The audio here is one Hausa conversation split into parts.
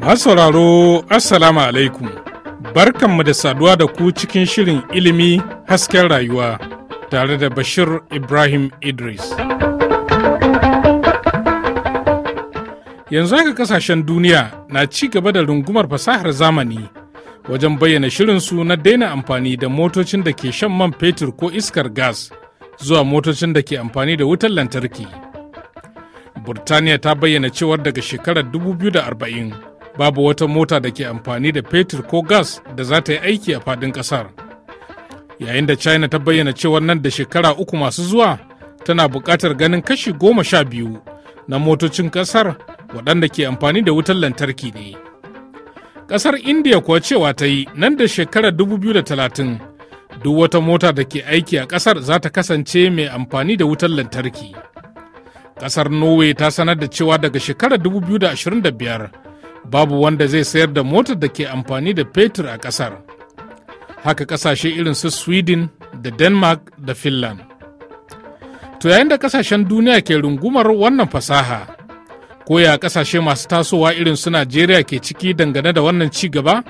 masauraro sauraro Assalamu alaikum barkanmu da saduwa da ku cikin shirin ilimi hasken rayuwa tare da Bashir Ibrahim Idris. Yanzu haka kasashen duniya na ci gaba da rungumar fasahar zamani wajen bayyana shirinsu na daina amfani da motocin da ke shan man fetur ko iskar gas zuwa motocin da ke amfani da wutar lantarki burtaniya ta bayyana cewar daga shekarar 2040 babu wata mota da ke amfani da fetur ko gas da za ta yi aiki a fadin kasar yayin da china ta bayyana cewar nan da shekara uku masu zuwa tana buƙatar ganin kashi goma sha biyu na motocin kasar waɗanda ke amfani da wutar lantarki ne Ƙasar india kuwa cewa ta yi nan da shekarar 2030 duk wata mota da ke aiki a ƙasar za ta kasance mai amfani da wutar lantarki ƙasar norway ta sanar da cewa daga shekarar 2025 babu wanda zai sayar da motar da ke amfani da fetur a ƙasar haka ƙasashe irin su sweden da denmark da finland to yayin da ƙasashen duniya ke rungumar wannan fasaha ko ya ƙasashe masu tasowa irin su najeriya ke ciki dangane da wannan ci gaba?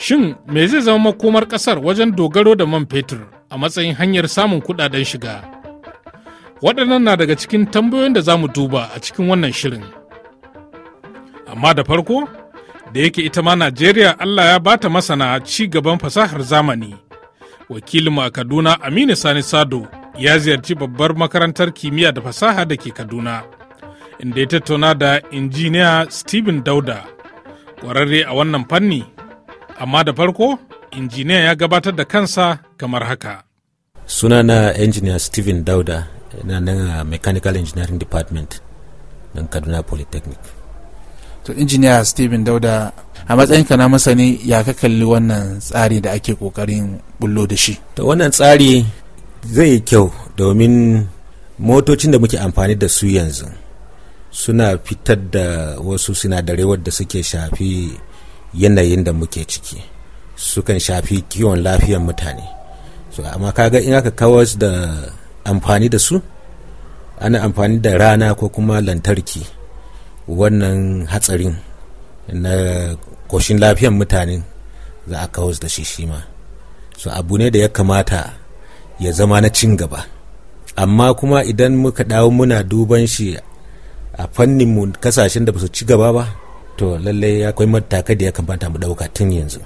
Shin me zai zama makomar ƙasar wajen dogaro da man fetur a matsayin hanyar samun kuɗaɗen shiga? Waɗannan na daga cikin tambayoyin da za mu duba a cikin wannan shirin. Amma da farko, da yake ita ma Najeriya Allah ya bata masana ci gaban fasahar zamani. Wakilin a Kaduna Aminu Sani Sado ya ziyarci babbar makarantar kimiyya da fasaha da ke Kaduna, inda ya tattauna da injiniya Stephen Dauda, ƙwararre a wannan fanni amma da farko injiniya ya gabatar da kansa kamar haka sunana injiniya steven dauda na nan a mechanical engineering department nan kaduna polytechnic to injiniya steven dauda a matsayinka na masani ya ka kalli wannan tsari da ake kokarin bullo da shi to wannan tsari zai yi kyau domin motocin da muke amfani da su yanzu suna fitar da wasu sinadarai wadda suke shafi yanayin da muke ciki sukan shafi kiwon lafiyar mutane so amma kaga in aka kawo da amfani da su ana amfani da rana ko kuma lantarki wannan hatsarin na koshin lafiyar mutane za a kawo da shi shima so abu ne da ya kamata ya zama na cin gaba amma kuma idan muka dawo muna duban shi a fannin mu kasashen da ba su ci gaba ba to lallai akwai matakai da ya kamata mu dauka tun yanzu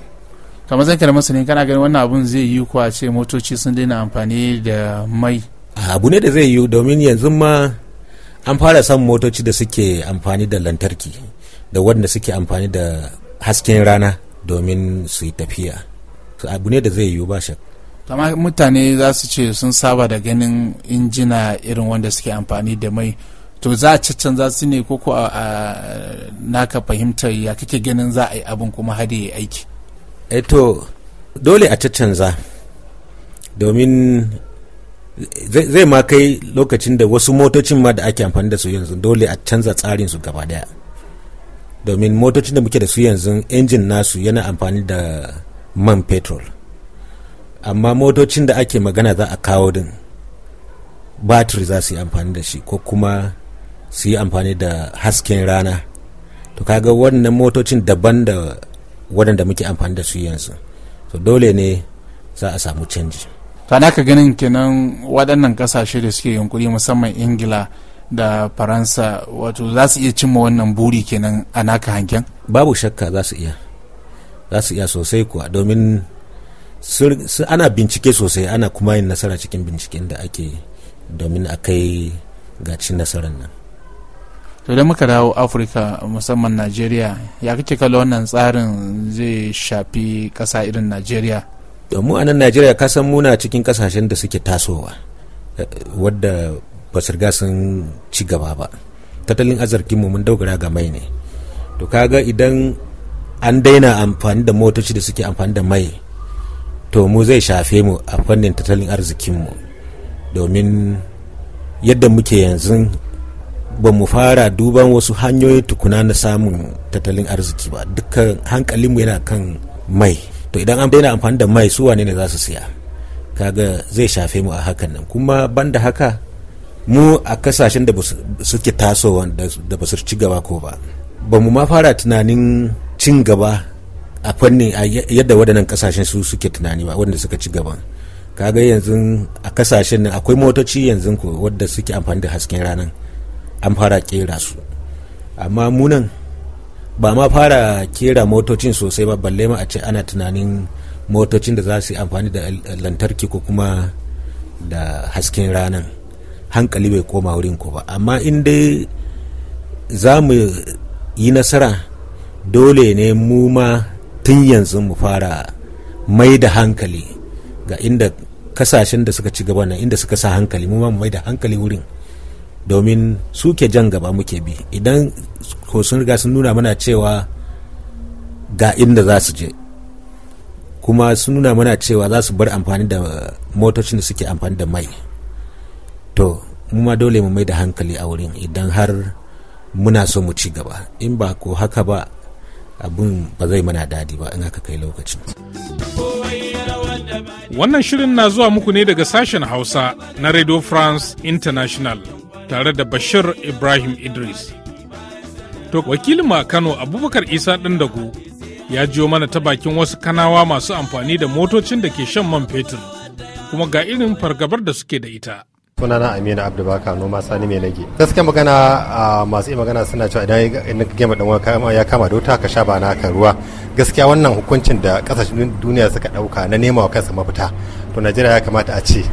kamar zai kalmar ne kana ganin wannan abun zai yi a ce motoci sun daina amfani da mai abu ne da zai yi domin yanzu ma an fara samun motoci da suke amfani da lantarki da wanda suke amfani da hasken rana domin su yi tafiya abu ne da zai yi ba shak kama mutane za su ce sun saba da ganin injina irin wanda suke amfani da mai to za a za su ne ko a naka fahimtar ya kake ganin za a yi abin kuma har ya aiki eto eh dole a za domin zai ma kai lokacin da wasu motocin ma da ake amfani da su yanzu dole a canza tsarin su gaba daya domin motocin da muke da su yanzu injin nasu yana amfani da man petrol amma motocin da ake magana za a kawo din batiri za su yi amfani da shi ko kuma su yi amfani da hasken rana to kaga waɗannan motocin daban da waɗanda muke amfani da su yanzu to dole ne za a samu canji to naka ganin kenan waɗannan ƙasashe da suke yunkuri musamman ingila da faransa wato za su iya cimma wannan buri kenan a naka hangen babu shakka za su iya za su iya sosai kuwa domin ana bincike sosai ana kuma yin nasara cikin binciken da ake domin a kai ga cin nasarar nan to da muka dawo afirka musamman najeriya ya kake kalla wannan tsarin zai shafi ƙasa irin najeriya mu a nan najeriya kasan muna cikin kasashen da suke tasowa eh, wadda ba su riga sun ci gaba ba tattalin arzikinmu mun dogara ga mai ne to kaga idan an daina amfani da motoci da suke amfani da mai to mu zai shafe mu a fannin tattalin arzikinmu domin yadda muke yanzu ba mu fara duban wasu hanyoyin tukuna na samun tattalin arziki ba dukkan hankalinmu yana kan mai to idan an daina amfani da mai su wane ne za su siya kaga zai shafe mu a hakan nan kuma banda haka mu a kasashen da suke tasowa da ba ci gaba ko ba ba mu ma fara tunanin cin gaba a fannin yadda waɗannan kasashen su suke tunani ba wanda suka ci gaban kaga yanzu a kasashen nan akwai motoci yanzu ko wadda suke amfani da hasken ranar an fara kera su amma munan ba ma fara kera motocin sosai ba balle ma a ce ana tunanin motocin da za su yi amfani da lantarki ko kuma da hasken ranar hankali bai koma wurin ko ba amma in dai za mu yi nasara dole ne mu ma tun yanzu mu fara mai da hankali ga inda kasashen da suka ci gaba na inda suka sa hankali mu ma mu mai da hankali wurin domin suke jan gaba muke bi idan ko sun riga sun nuna mana cewa ga inda za su je kuma sun nuna mana cewa za su bar amfani da motocin da suke amfani da mai to mu ma dole mu mai da hankali a wurin idan har muna so mu ci gaba in ba ko haka ba abin ba zai mana dadi ba in haka kai lokacin wannan shirin na zuwa muku ne daga sashen hausa na radio france international tare da Bashir Ibrahim Idris. To wakilin ma Kano Abubakar Isa Dago ya jiyo mana ta bakin wasu kanawa masu amfani da motocin da ke shan man fetur kuma ga irin fargabar da suke da ita. sunana aminu abdubaka noma sani mai lage gaskiya magana masu iya magana suna cewa idan gama dan ya kama da wuta ka sha ba naka ruwa gaskiya wannan hukuncin da kasashen duniya suka dauka na nema wa kansa mafita to najeriya ya kamata a ce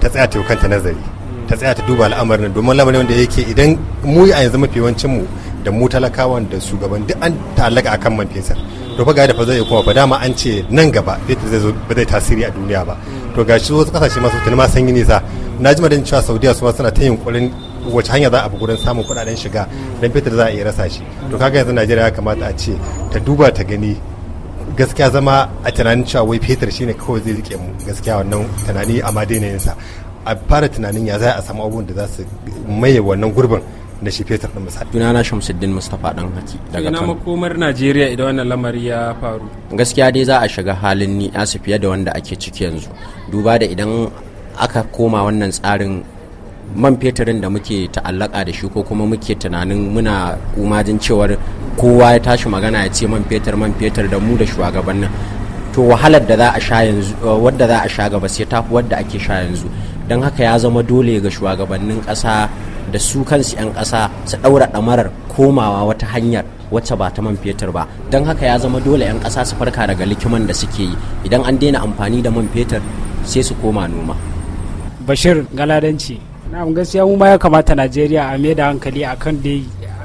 ta tsaya ta nazari ta tsaya ta duba al'amarin domin lamarin wanda yake idan mu a yanzu mafi yawancin mu da mu talakawan da shugaban duk an ta'allaka akan man fetur to fa ga da fa zai kuma fa dama an ce nan gaba fetur zai zo ba zai tasiri a duniya ba to ga shi wasu kasashe masu tuni ma sanyi yi nisa na ji madan cewa saudiya su ma suna ta yunkurin wace hanya za a bi gurin samun kuɗaɗen shiga dan fetur za a iya rasa shi to kaga yanzu najeriya ya kamata a ce ta duba ta gani gaskiya zama a tunanin cewa wai fetur shine kawai zai rike mu gaskiya wannan tunani a madina yinsa a fara tunanin ya za a samu abubuwan da za su maye wannan gurbin na shi fetur din misali. Sunana Shamsuddin Mustapha dan haki daga kan Ina makomar Najeriya idan wannan lamari ya faru. Gaskiya dai za a shiga halin ni asu fiye da wanda ake ciki yanzu. Duba da idan aka koma wannan tsarin man fetirin da muke ta'allaka da shi ko kuma muke tunanin muna umajin cewar kowa ya tashi magana ya ce man fetur man fetur da mu da shugabannin to wahalar da za a sha yanzu wadda za a sha gaba sai tafi wadda ake sha yanzu don haka ya zama dole ga shugabannin ƙasa da su kansu 'yan ƙasa su ɗaura ɗamarar komawa wata hanyar wacce ba ta man fetur ba don haka ya zama dole 'yan ƙasa su farka daga likiman da suke yi idan an daina amfani da man fetur sai su koma noma bashir galadanci na gaskiya mu ma ya kamata najeriya a mai da hankali akan da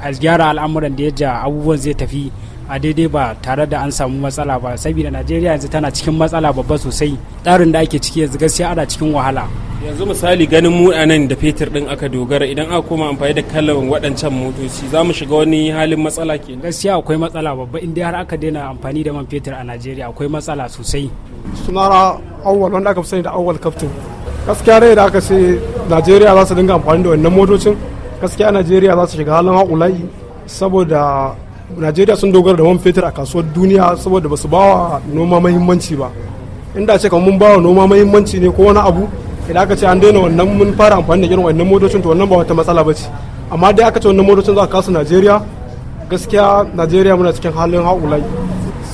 a gyara al'amuran da ya ja abubuwan zai tafi a daidai ba tare da an samu matsala ba saboda najeriya yanzu tana cikin matsala babba sosai tsarin da ake ciki yanzu gaskiya ana cikin wahala yanzu misali ganin mu a nan da fetur din aka dogara idan aka koma amfani da kalan waɗancan motoci za mu shiga wani halin matsala ke gaskiya akwai matsala babba inda har aka daina amfani da man fetur a najeriya akwai matsala sosai sunara awwal wanda aka fi sani da awwal kaftin gaskiya rai da aka ce najeriya za su dinga amfani da wannan motocin gaskiya najeriya za su shiga halin haƙula'i saboda najeriya sun dogara da man fetur a kasuwar duniya saboda basu bawa noma mahimmanci ba inda ce kamar mun bawa noma mahimmanci ne ko wani abu idan aka ce an daina wannan mun fara amfani da irin wannan motocin to wannan ba wata matsala ba ce amma dai aka ce wannan motocin za a kasu najeriya gaskiya najeriya muna cikin halin haƙulai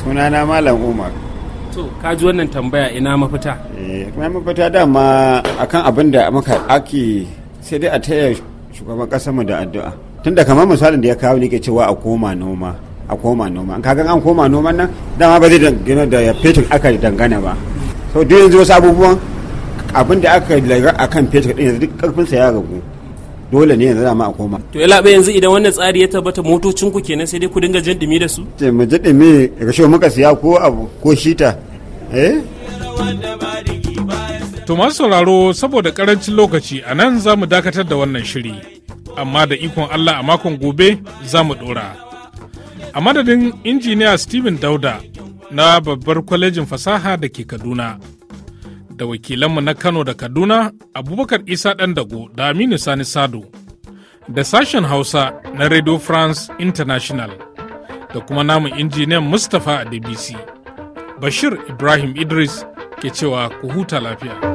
sunana malam umar to ka ji wannan tambaya ina mafita eh mafita dama akan abin da muka ake sai dai a taya shugaban mu da addu'a tun da kamar misalin da ya kawo ne ke cewa a koma noma a koma noma kaga an koma noman nan dama ba zai dangana da fetur aka dangana ba so duk yanzu wasu abubuwan abin da aka lura a kan fetur din yanzu duk sa ya ragu dole ne yanzu dama a koma to ya labe yanzu idan wannan tsari ya tabbata motocin ku kenan sai dai ku dinga jin dumi da su ce mu ji dumi rashin muka siya ko abu ko shita eh to masu sauraro saboda karancin lokaci a nan za mu dakatar da wannan shiri amma da ikon Allah a makon gobe za mu ɗora. A madadin injiniya Steven Dauda na babbar kwalejin fasaha da ke Kaduna, da wakilanmu na Kano da Kaduna Abubakar Isa Dago da Aminu Sani Sado, da sashen Hausa na Radio France International, da kuma namun injiniyan Mustapha a DBC. Bashir Ibrahim Idris ke cewa ku huta lafiya.